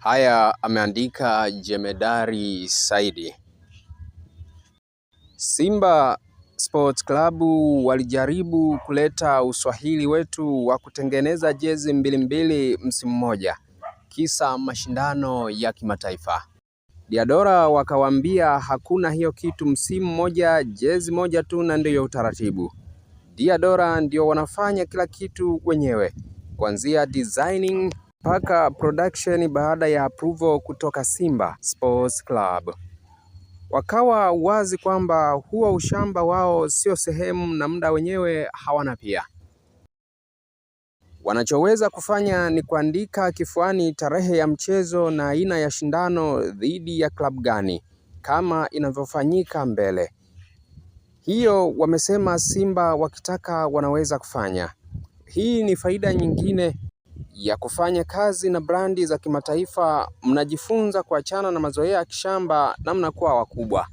Haya ameandika Jemedari Saidi. Simba Sports Club walijaribu kuleta uswahili wetu wa kutengeneza jezi mbili mbili msimu mmoja, kisa mashindano ya kimataifa. Diadora wakawaambia hakuna hiyo kitu, msimu mmoja jezi moja tu, na ndiyo utaratibu. Diadora ndio wanafanya kila kitu wenyewe, kuanzia designing Paka Production baada ya approval kutoka Simba Sports Club wakawa wazi kwamba huo ushamba wao sio sehemu na muda wenyewe hawana pia. Wanachoweza kufanya ni kuandika kifuani tarehe ya mchezo na aina ya shindano dhidi ya klabu gani kama inavyofanyika mbele. Hiyo wamesema Simba wakitaka wanaweza kufanya. Hii ni faida nyingine ya kufanya kazi na brandi za kimataifa, mnajifunza kuachana na mazoea ya kishamba na mnakuwa wakubwa.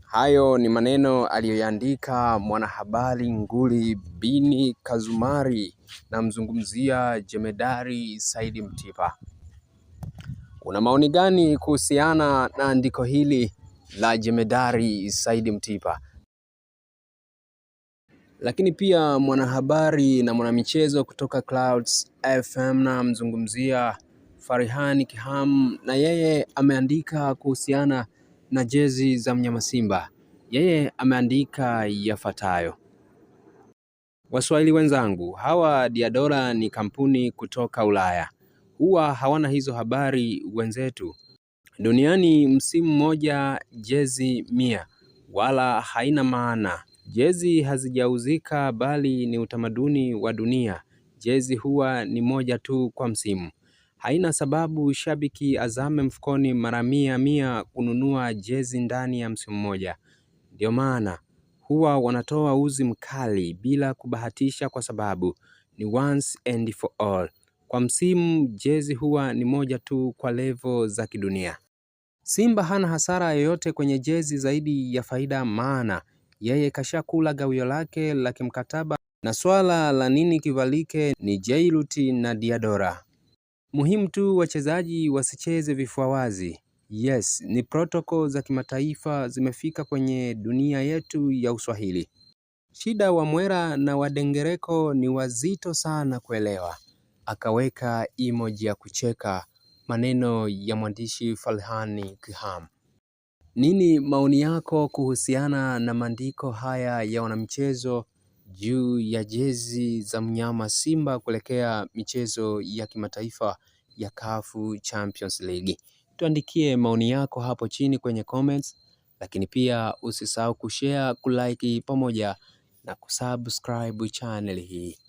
Hayo ni maneno aliyoyaandika mwanahabari nguli bini Kazumari, namzungumzia jemedari Saidi Mtipa. Una maoni gani kuhusiana na andiko hili la jemedari Saidi Mtipa? lakini pia mwanahabari na mwanamichezo kutoka Clouds FM na mzungumzia Farihani Kiham, na yeye ameandika kuhusiana na jezi za mnyama Simba. Yeye ameandika yafuatayo: Waswahili wenzangu, hawa Diadora ni kampuni kutoka Ulaya, huwa hawana hizo habari wenzetu. Duniani msimu mmoja jezi mia, wala haina maana Jezi hazijauzika bali ni utamaduni wa dunia. Jezi huwa ni moja tu kwa msimu. Haina sababu shabiki azame mfukoni mara mia mia kununua jezi ndani ya msimu mmoja. Ndio maana huwa wanatoa uzi mkali bila kubahatisha, kwa sababu ni once and for all. Kwa msimu jezi huwa ni moja tu kwa levo za kidunia. Simba hana hasara yoyote kwenye jezi zaidi ya faida, maana yeye kashakula gawio lake la kimkataba na swala la nini kivalike ni Jailuti na Diadora. Muhimu tu wachezaji wasicheze vifua wazi. Yes, ni protocol za kimataifa zimefika kwenye dunia yetu ya Uswahili. Shida wa Mwera na Wadengereko ni wazito sana kuelewa. Akaweka emoji ya kucheka, maneno ya mwandishi Falhani Kiham. Nini maoni yako kuhusiana na maandiko haya ya wanamichezo juu ya jezi za mnyama Simba kuelekea michezo ya kimataifa ya CAF Champions League? Tuandikie maoni yako hapo chini kwenye comments, lakini pia usisahau kushare, kulike pamoja na kusubscribe channel hii.